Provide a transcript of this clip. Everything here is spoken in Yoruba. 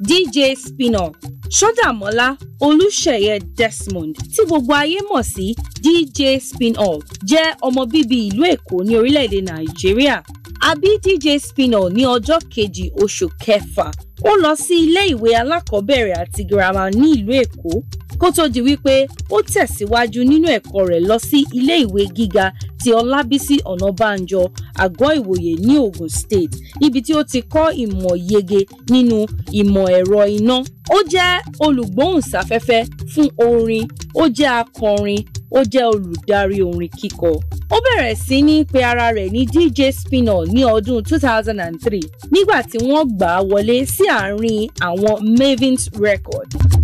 dj spinall sọdàmọlá olùṣeyẹ desmond tí gbogbo ayé mọ̀ sí dj spinall jẹ́ ọmọ bíbí ìlú èkó ní orílẹ̀-èdè nàìjíríà a dj spinall ní ọjọ́ kejì oṣù kẹfà ó lọ sí ilé ìwé alákọ̀ọ́bẹ̀rẹ̀ àti girama ní ìlú èkó kó tó di wípé ó tẹ̀síwájú nínú ẹ̀kọ́ rẹ̀ lọ sí ilé ìwé gíga ti Ọlábísí Ọ̀nàbànjọ Àgọ́ Ìwòye ní Ògùn State níbi tí ó ti kọ́ ìmọ̀ yege nínú ìmọ̀ ẹ̀rọ iná. Ó jẹ́ olùgbóhùnsáfẹ́fẹ́ fún orin, ó jẹ́ akọrin, ó jẹ́ olùdarí orin kíkọ. Ó bẹ̀rẹ̀ sí ní pe ara rẹ̀ ní DJ Spinall ní ọdún 2003 nígbà tí wọ́n gbà á wọlé sí àárín àwọn Mavins Record.